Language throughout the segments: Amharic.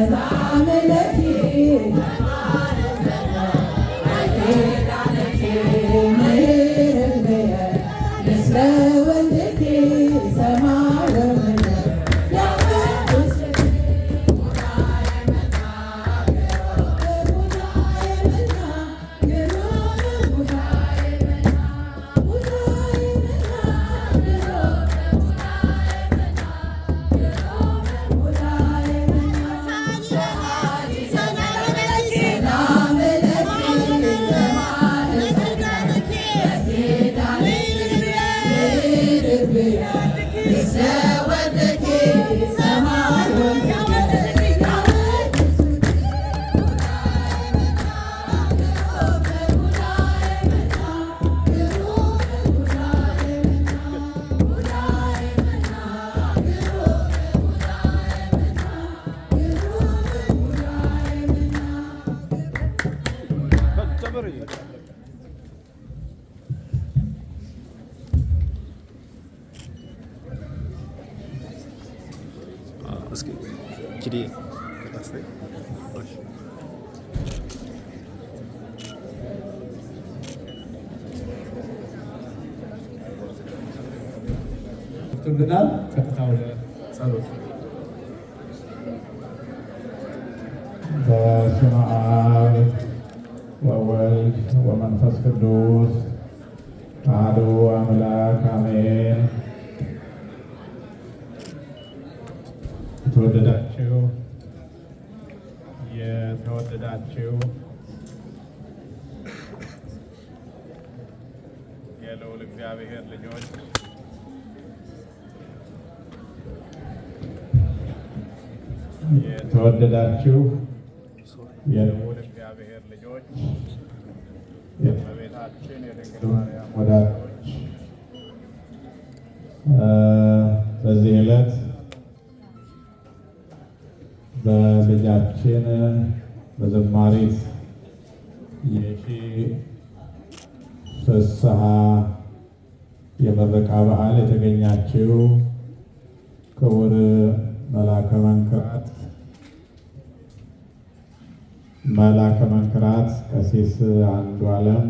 ሰላም የልዑል እግዚአብሔር ልጆች የተወደዳችሁ የልዑል እግዚአብሔር ልጆች የእመቤታችን የድንግል ማርያም ወዳጆች በዚህ ዕለት በልጃችን በዘማሪት የተከበራችሁ ክቡር መላከ መንክራት መላከ መንክራት ቀሲስ አንዱ አለም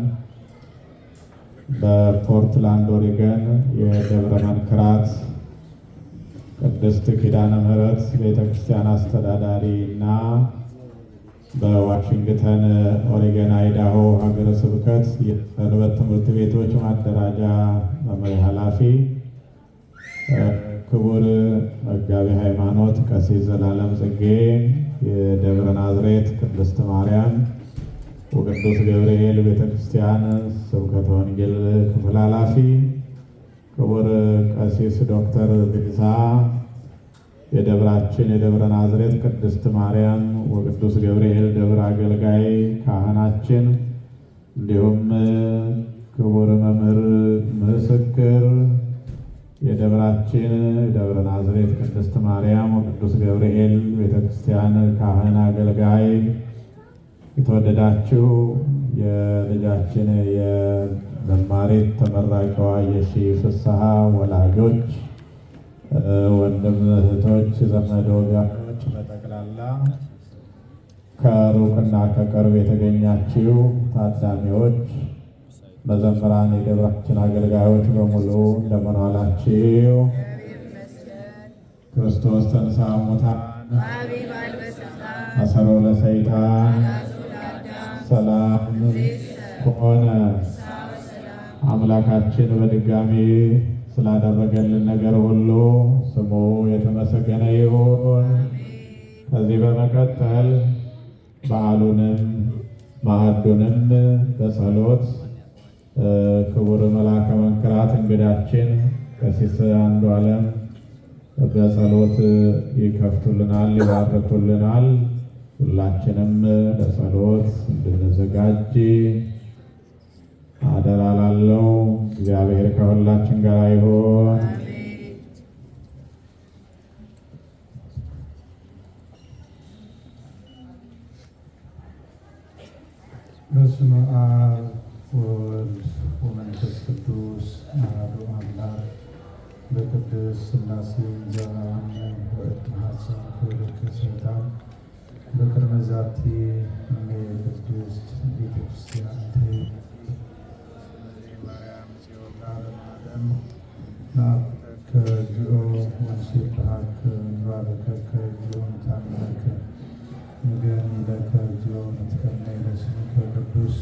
በፖርትላንድ ኦሪገን የደብረ መንክራት ቅድስት ኪዳነ ምሕረት ቤተክርስቲያን አስተዳዳሪ እና በዋሽንግተን ኦሪገን አይዳሆ ሀገረ ስብከት የሰንበት ትምህርት ቤቶች ማደራጃ መምሪያ ኃላፊ ክቡር መጋቢ ሃይማኖት ቀሲስ ዘላለም ጽጌ የደብረ ናዝሬት ቅድስት ማርያም ወቅዱስ ገብርኤል ቤተ ክርስቲያን ስብከተ ወንጌል ክፍል ኃላፊ ክቡር ቀሲስ ዶክተር ቢንሳ የደብራችን የደብረ ናዝሬት ቅድስት ማርያም ወቅዱስ ገብርኤል ደብረ አገልጋይ ካህናችን፣ እንዲሁም ክቡር መምህር ምስክር የደብራችን ደብረ ናዝሬት ቅድስት ማርያም ቅዱስ ገብርኤል ቤተክርስቲያን ካህን አገልጋይ የተወደዳችሁ የልጃችን የዘማሪት ተመራቂዋ የሺ ፍስሐ ወላጆች፣ ወንድም እህቶች፣ ዘመድ ወጋኖች በጠቅላላ ከሩቅና ከቅርብ የተገኛችሁ ታዳሚዎች መዘምራን የደብራችን አገልጋዮች በሙሉ እንደምን ክርስቶስ ተንሥአ እሙታን አሰሮ ለሰይጣን ሰላም ከሆነ አምላካችን በድጋሚ ስላደረገልን ነገር ሁሉ ስሙ የተመሰገነ ይሁን። ከዚህ በመቀጠል በዓሉንም ማዕዱንም በጸሎት ክቡር መልአከ መንክራት እንግዳችን ቀሲስ አንዱ ዓለም በጸሎት ይከፍቱልናል፣ ይባርኩልናል። ሁላችንም ለጸሎት እንድንዘጋጅ አደራ ላለው እግዚአብሔር ከሁላችን ጋር ይሆን። በስመ አብ ወልድ ወመንፈስ ቅዱስ አሐዱ አምላክ በቅድስት ሥላሴ እንጀራ በእድ ሐሳብ በሁለት ስልጣን በቅድመ ዛቲ ቅድስት ቤተክርስቲያን ንገኒ ለከ እግዚኦ እምትከመይ በስምከ ቅዱስ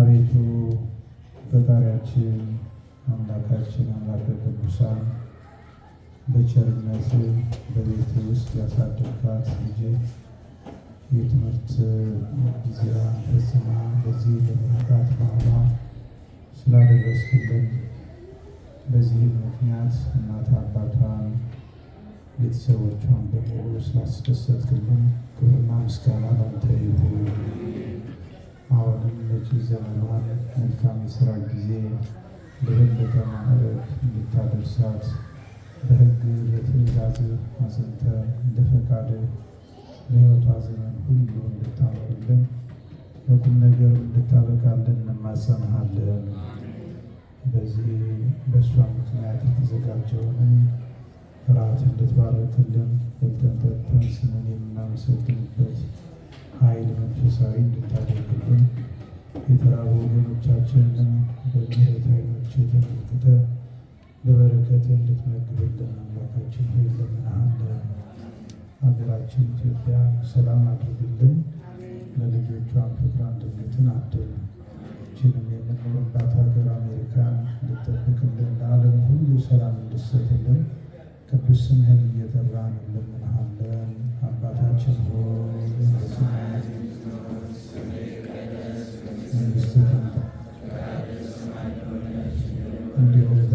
አቤቱ ፈጣሪያችን አምላካችን አምላከ ቅዱሳን በቸርነት በቤት ውስጥ ያሳደጋት ልጄ የትምህርት ጊዜዋ ፈጽማ በዚህ ለመርካት ማማ ስላደረስክልን በዚህም ምክንያት እናት አባቷን ቤተሰቦቿን በሙሉ ስላስደሰትክልን ክብርና ምስጋና ባንተ ይሁን። አሁንም መጪ ዘመኗን መልካም የስራ ጊዜ በበለጠ ማዕረግ እንድታደርሳት በህግ በትዕዛዝ አጽንተን እንደ ፈቃድ በሕይወቷ ዘመን ሁሉ እንድታኖርልን በቁም ነገር እንድታበቃልን እንማጸንሃለን። በዚህ በእሷ ምክንያት የተዘጋጀውንም እራት እንድትባረክልን በልተን ጠጥተን ስምን የምናመሰግንበት ኃይል መንፈሳዊ እንድታደርግልን የተራቡ ወገኖቻችንን በምሕረት ዓይኖች የተመልክተ በበረከት እንድትመግብልን አምላካችን ሆይ እንለምንሃለን። ሀገራችን ኢትዮጵያ ሰላም አድርግልን፣ ለልጆቿን ፍቅር አንድነትን አድል። ይችንም የምንኖርባት ሀገር አሜሪካን እንድጠብቅልን፣ ለዓለም ሁሉ ሰላም እንድሰጥልን ቅዱስ ስምህን እየጠራን እንለምንሃለን። አባታችን ሆይ መንግስትህ ትምጣ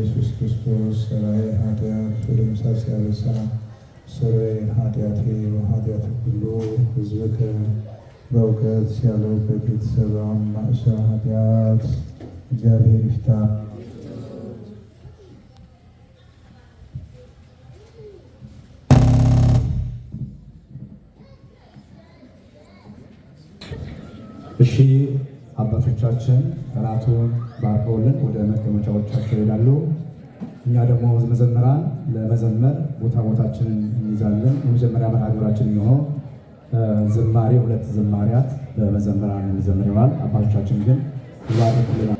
Christus, Christus, Christus, ለምሳ ሲያበሳ ስሬ ኃጢአቴ ወኃጢአት ሁሉ ህዝብከ በእውቀት ሲያለው በቤተሰባም ማእሰር ኃጢአት እግዚአብሔር ይፍታ። እሺ አባቶቻችን እራቱን ባርቀውልን ወደ መቀመጫዎቻቸው ይሄዳሉ። እኛ ደግሞ መዘምራን ለመዘመር ቦታ ቦታችንን እንይዛለን። የመጀመሪያ መርሃ ግብራችን የሚሆነው ዝማሬ ሁለት ዝማሪያት በመዘምራን የሚዘምር ይሆናል። አባቶቻችን ግን ይባርኩልናል።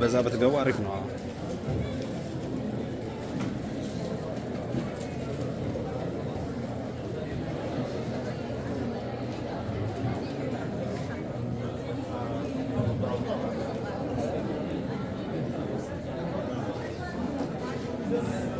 በዛ ብትገቡ አሪፍ ነው። Yes.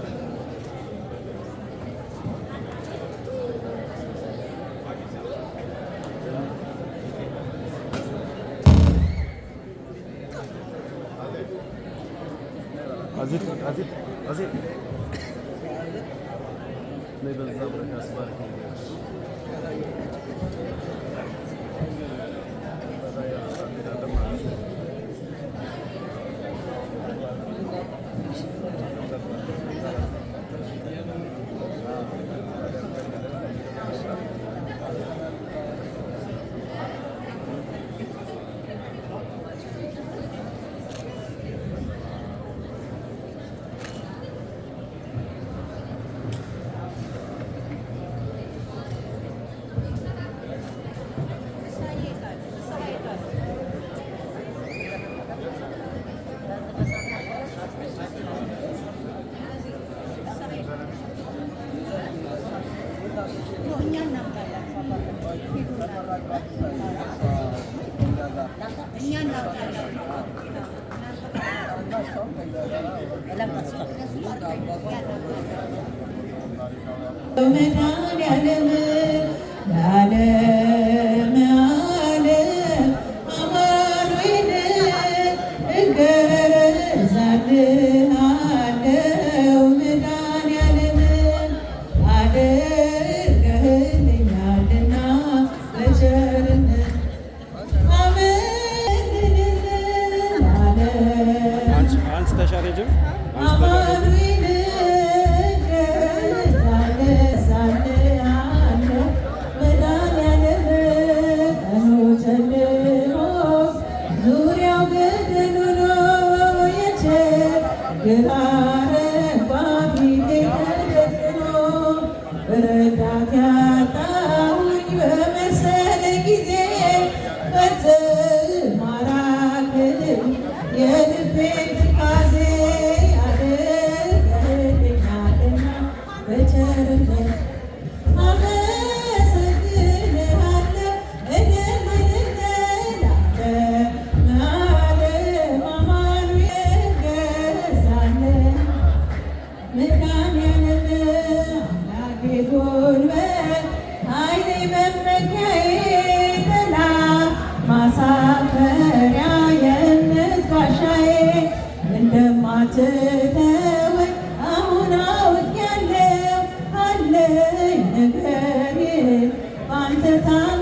จะตาม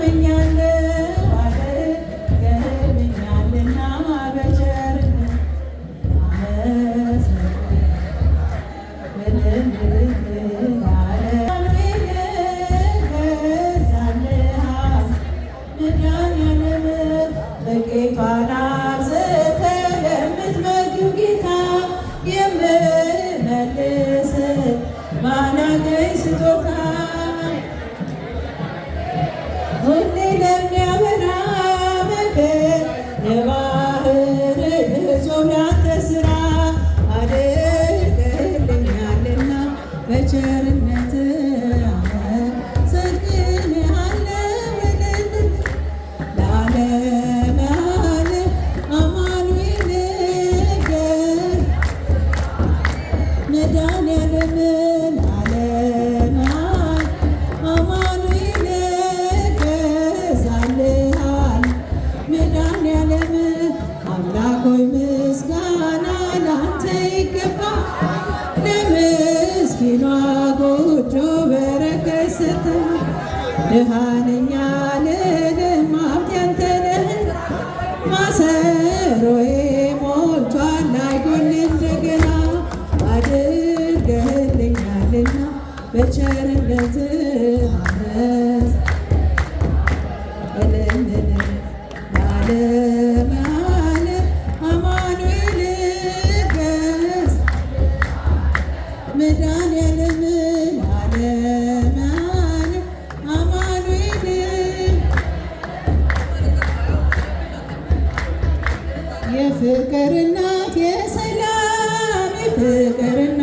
የፍቅርና የሰላም የፍቅርና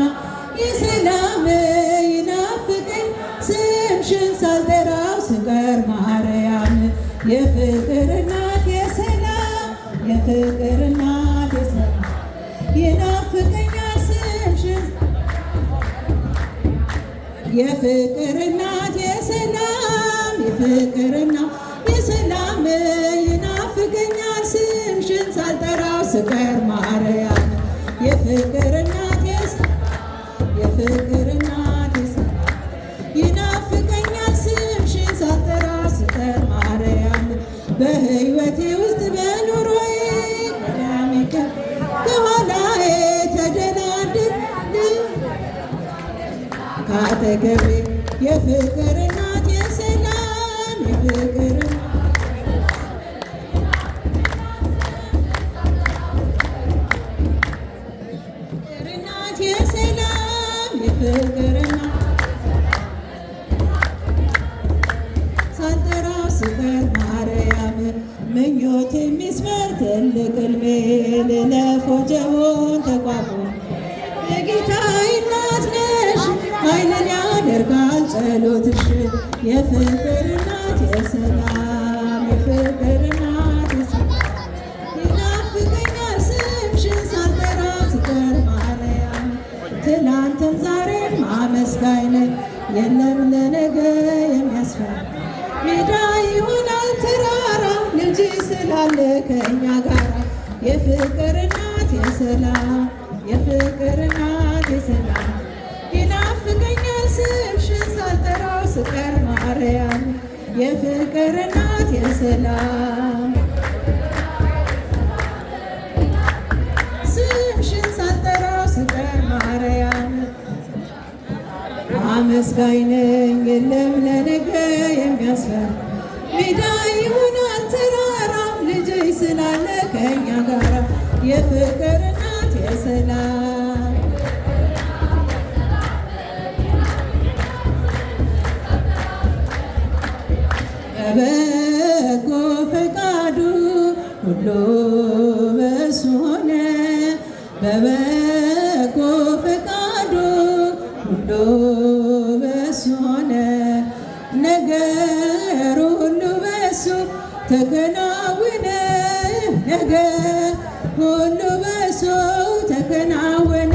የሰላም ይናፍቀኝ ስምሽን ሳልጠራው ስቀር ማርያም የፍቅርና የሰላም የፍቅርና የሰላም ይናፍቀኛል ስምሽን የፍቅርና የሰላም የፍቅርና የፍቅር ማርያም የፍቅር እናቴ የፍቅር እናቴ ይናፍቀኛል ስምሽን ሳጠራ ስጠር ማርያም በሕይወቴ ውስጥ በኑሮዬ ቀዳሚ ከኋላዬ ተደናድር ካተገቤ የፍቅር ስቀር ማርያም የፍቅር እናት የሰላም ስምሽን ሳልጠራው ስቀር ማርያም አመስጋኝ ነኝ የለም ለነገ የሚያስፈራ ሜዳ ይሆናል ተራራ ልጅሽ ስላለ ከኛ ጋራ የፍቅር እናት የሰላም ሁሉ በእሱ ሆነ በበጎ ፈቃዱ ሁሉ በእሱ ሆነ ነገሩ ሁሉ በእሱ ተከናወነ ነገር ሁሉ በእሱ ተከናወነ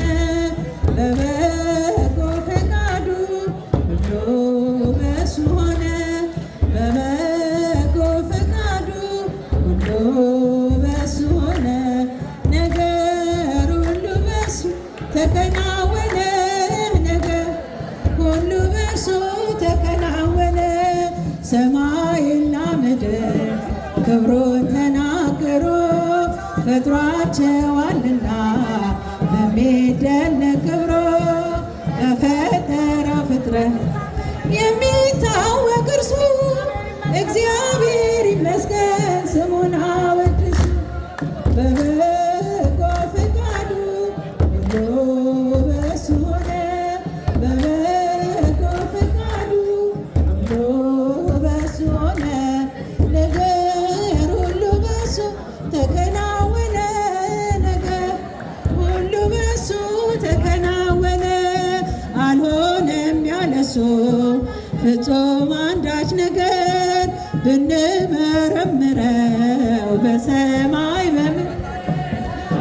ብንመረምረው በሰማይ በምን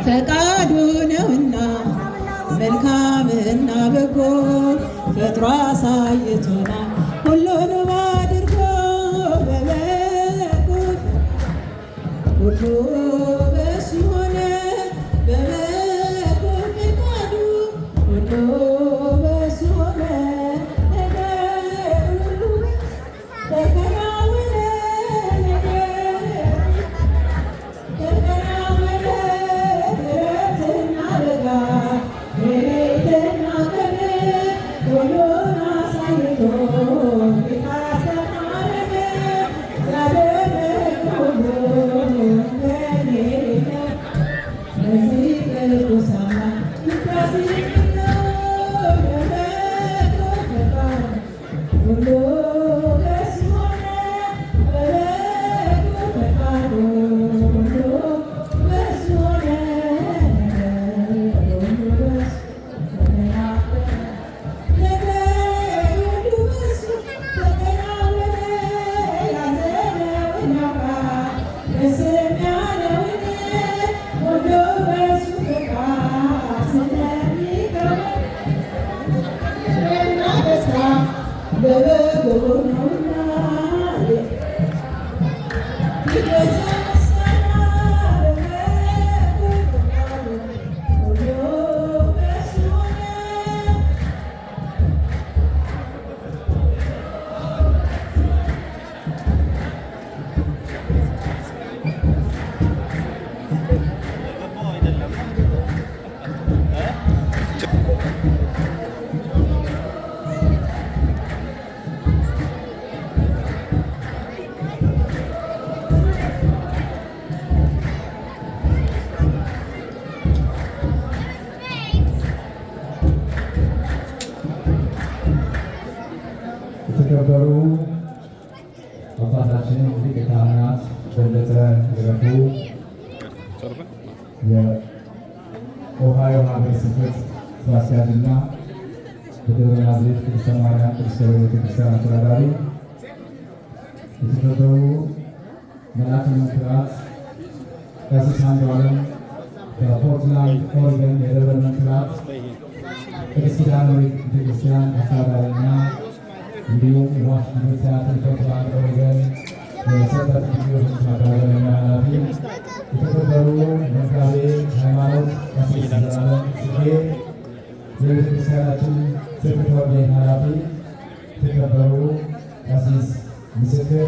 ፈቃዱ ነውና መልካምና በጎ ፈጥሮ ኦርቶዶክስ ቤተክርስቲያን አስተዳዳሪና እንዲሁም ዋስ ቤተክርስቲያን ጥልቀት ወገን የሰንበት ጊዮርጊስ መጋዘንና ኃላፊ የተከበሩ መጋቤ ሃይማኖት ቀሲስዘላለም ጽጌ የቤተክርስቲያናችን ስብከተ ኃላፊ የተከበሩ ቀሲስ ምስክር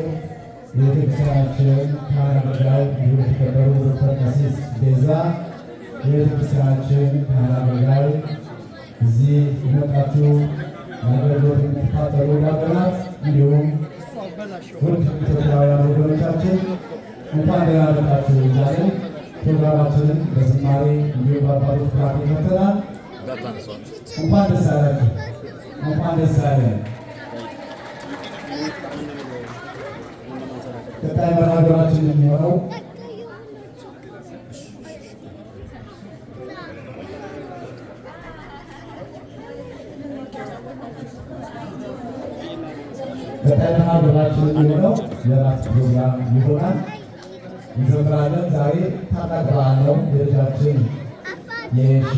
የቤተክርስቲያናችን ካህናት እንዲሁም የተከበሩ ዶክተር ቀሲስ ቤዛ የቤተክርስቲያናችን ካህናት እዚህ መጣችሁ አገልግሎት የምትካፈሉ ዲያቆናት፣ እንዲሁም ውድ ኢትዮጵያውያን ወገኖቻችን እንኳን ደህና መጣችሁ እያለን ፕሮግራማችንን በዝማሬ እንዲሁም በአባቶች ፍራት ይከተላል። እንኳን ደስ አላችሁ፣ እንኳን ደስ አለን። ቀጣይ መርሃ ግብራችን የሚሆነው በጣይና ሀገራችን የራት ፕሮግራም ይሆናል። እንዘምራለን። ዛሬ ታላቅ በዓል ነው። የልጃችን የሺ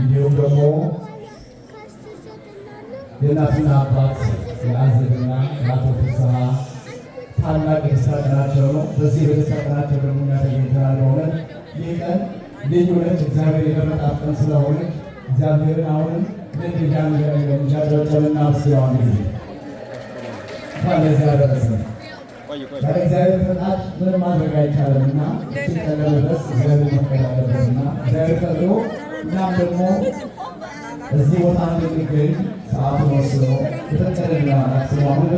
እንዲሁም ደግሞ የእናትና አባት የአዘብና የአቶ ፍስሐ ታላቅ የተሳድናቸው ነው። በዚህ ደግሞ በእውነት ይህ ቀን ልዩ ነች። እግዚአብሔር ስለሆነች እግዚአብሔርን አሁንም ጊዜ ከለዚያ ደረሰ። በእግዚአብሔር ፈቃድ ምንም ማድረግ አይቻልምና ለመድረስ እግዚአብሔር ፈቃድ አለበትና እግዚአብሔር ፈቅዶ እኛም ደግሞ እዚህ ቦታ እንድንገኝ ሰዓቱን ወስኖ የተቀደልን ስለሆነ